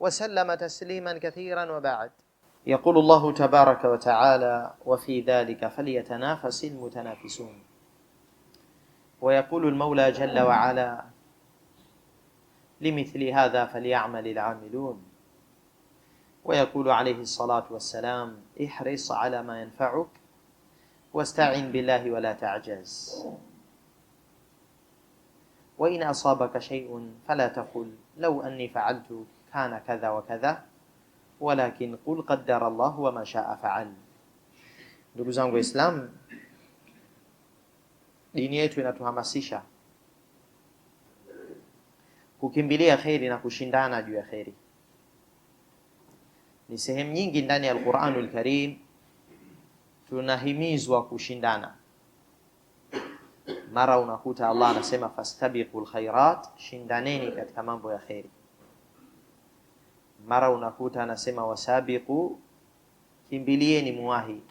وسلم تسليما كثيرا وبعد يقول الله تبارك وتعالى وفي ذلك فليتنافس المتنافسون ويقول المولى جل وعلا لمثل هذا فليعمل العاملون ويقول عليه الصلاه والسلام احرص على ما ينفعك واستعن بالله ولا تعجز وان اصابك شيء فلا تقل لو اني فعلت kana kadha wa kadha, walakin qul qaddara Allah wa ma shaa faal. Ndugu zangu Waislamu, dini yetu inatuhamasisha kukimbilia kheri na kushindana juu ya kheri. Ni sehemu nyingi ndani ya Al-Qur'anul Karim tunahimizwa kushindana. Mara unakuta Allah anasema fastabiqul khairat, shindaneni katika mambo ya kheri mara unakuta anasema wasabiqu, kimbilieni muwahi.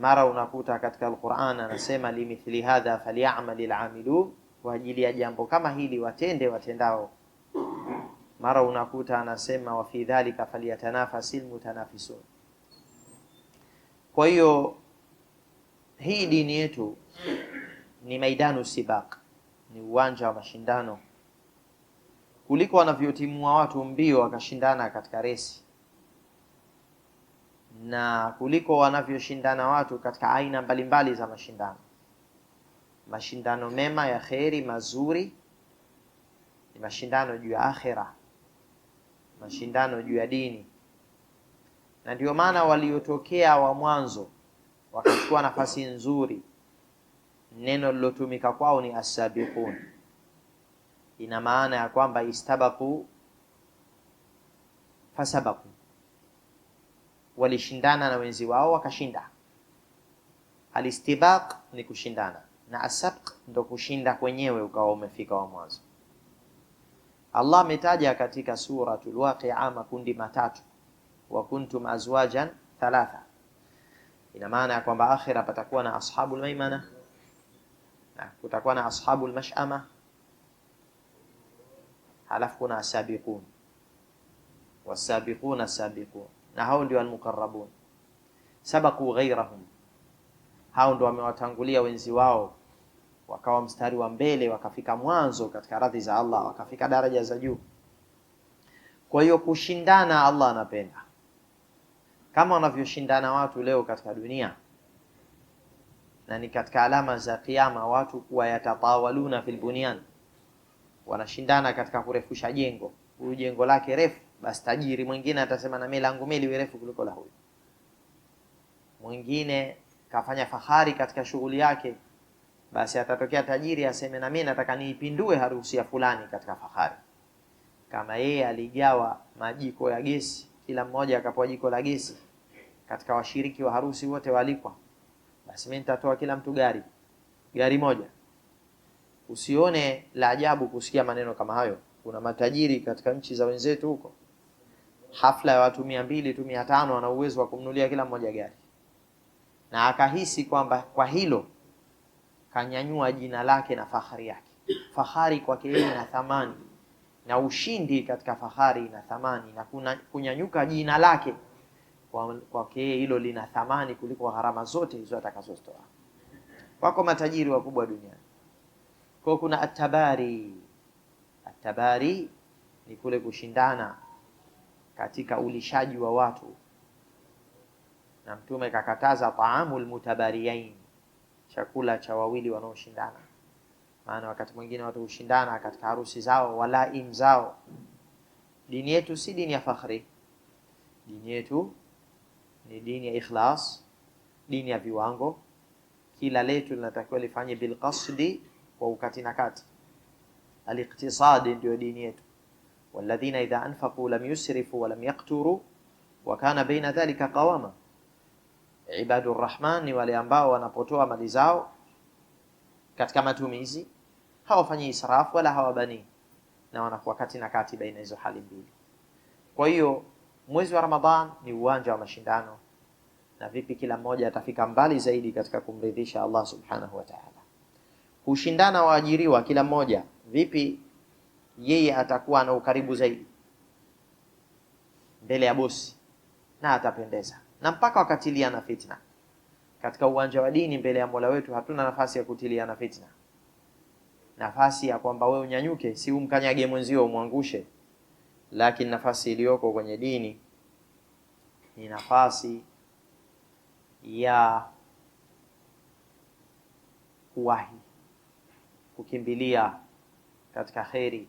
Mara unakuta katika Alquran anasema limithli hadha falyamalil amilun, kwa ajili ya jambo kama hili watende watendao. Mara unakuta anasema wa fi dhalika falyatanafasil mutanafisun. Kwa hiyo hii dini yetu ni maidanu sibaq, ni uwanja wa mashindano kuliko wanavyotimua watu mbio wakashindana katika resi na kuliko wanavyoshindana watu katika aina mbalimbali za mashindano, mashindano mema ya kheri mazuri, ni mashindano juu ya akhira, mashindano juu ya dini. Na ndio maana waliotokea wa mwanzo wakachukua nafasi nzuri, neno lilotumika kwao ni asabiqun ina maana ya kwamba istabaku fasabaku, walishindana na wenzi wao wakashinda. Alistibaq ni kushindana na asabq ndo kushinda kwenyewe ukawa umefika wa mwanzo. Allah ametaja katika Suratul Waqi'a makundi matatu, wa kuntum azwajan thalatha. Ina maana ya kwamba akhira patakuwa na ashabul maimana na kutakuwa na ashabul mash'ama alafu kuna asabiqun wasabiqun sabiqun, na hao ndio almukarrabun sabaku ghairahum, hao ndio wamewatangulia wenzi wao, wakawa mstari wa mbele, wakafika mwanzo katika radhi za Allah, wakafika daraja za juu. Kwa hiyo kushindana Allah anapenda, kama wanavyoshindana watu leo katika dunia, na ni katika alama za Kiyama watu kuwa yatatawaluna fil bunyan wanashindana katika kurefusha jengo. Huyu jengo lake refu, basi tajiri mwingine atasema na mimi langu mimi liwe refu kuliko la huyu mwingine. Kafanya fahari katika shughuli yake, basi atatokea tajiri aseme na mimi nataka niipindue harusi ya fulani katika fahari. Kama yeye aligawa majiko ya gesi, kila mmoja akapewa jiko la gesi, katika washiriki wa harusi wote walikwa, basi mimi nitatoa kila mtu gari gari moja Usione la ajabu kusikia maneno kama hayo. Kuna matajiri katika nchi za wenzetu huko, hafla ya watu mia mbili tu mia tano ana uwezo wa kumnulia kila mmoja gari, na akahisi kwamba kwa hilo kanyanyua jina lake na fahari yake. Fahari kwake yeye ina thamani na ushindi katika fahari ina thamani, na kuna kunyanyuka jina lake kwake yeye hilo lina thamani kuliko gharama zote hizo atakazozitoa. Wako matajiri wakubwa duniani kwa kuna atabari. Atabari ni kule kushindana katika ulishaji wa watu, na Mtume kakataza taamu mutabariyain, chakula cha wawili wanaoshindana. Maana wakati mwingine watu hushindana katika harusi zao, walaim zao. Dini yetu si dini ya fakhri, dini yetu ni dini ya ikhlas, dini ya viwango. Kila letu linatakiwa lifanye bilqasdi kwa ukati na kati. Aliktisadi ndio dini yetu, walladhina idha anfaqu lam yusrifu wa lam yakturu wa kana baina dhalika qawama. Ibadu rrahman ni wale ambao wanapotoa mali zao katika matumizi hawafanyi israfu wala hawabani na wanakuwa kati na kati baina hizo hali mbili. Kwa hiyo mwezi wa Ramadhan ni uwanja wa mashindano, na vipi kila mmoja atafika mbali zaidi katika kumridhisha Allah subhanahu wa ta'ala hushindana waajiriwa kila mmoja, vipi yeye atakuwa na ukaribu zaidi mbele ya bosi na atapendeza, na mpaka wakatiliana fitna katika uwanja wa dini. Mbele ya Mola wetu hatuna nafasi ya kutiliana fitna, nafasi ya kwamba wewe unyanyuke, si umkanyage mwenzio umwangushe. Lakini nafasi iliyoko kwenye dini ni nafasi ya kuwahi kukimbilia katika kheri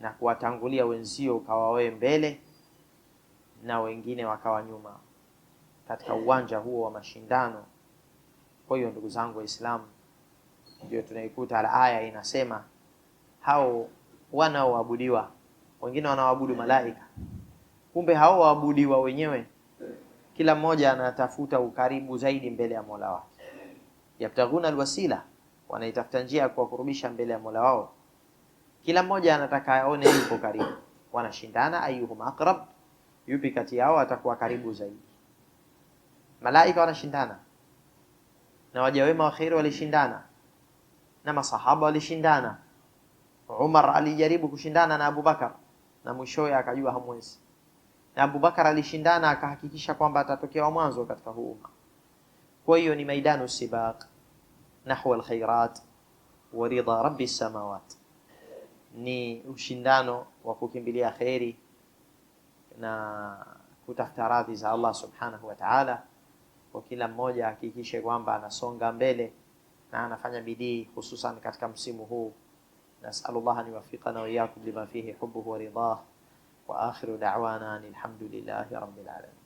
na kuwatangulia wenzio, ukawa wewe mbele na wengine wakawa nyuma katika uwanja huo wa mashindano. Kwa hiyo ndugu zangu Waislamu, ndio tunaikuta aya inasema hao wanaoabudiwa, wengine wanaoabudu malaika, kumbe hao waabudiwa wenyewe, kila mmoja anatafuta ukaribu zaidi mbele ya Mola wake, yabtaghuna alwasila wanaitafuta njia ya kuwakurubisha mbele ya Mola wao. Kila mmoja anataka aone yuko karibu, wanashindana ayuhum aqrab, yupi kati yao atakuwa karibu zaidi. Malaika wanashindana na waja wema wa kheri walishindana na masahaba walishindana. Umar alijaribu kushindana na Abubakar na mwishowe akajua hamwezi, na Abubakar alishindana akahakikisha kwamba atatokea mwanzo katika huu umma. Kwa hiyo ni maidanu sibaq nahwa alkhairat wa ridha rabbi samawat, ni ushindano wa kukimbilia kheri na kutafuta radhi za Allah subhanahu wa ta'ala. Kwa kila mmoja hakikishe kwamba anasonga mbele na anafanya bidii, hususan katika msimu huu. Nasalullah an yuwaffiqana wa iyyakum lima fihi hubbuhu wa ridah wa akhiru da'wana alhamdulillahi rabbil alamin.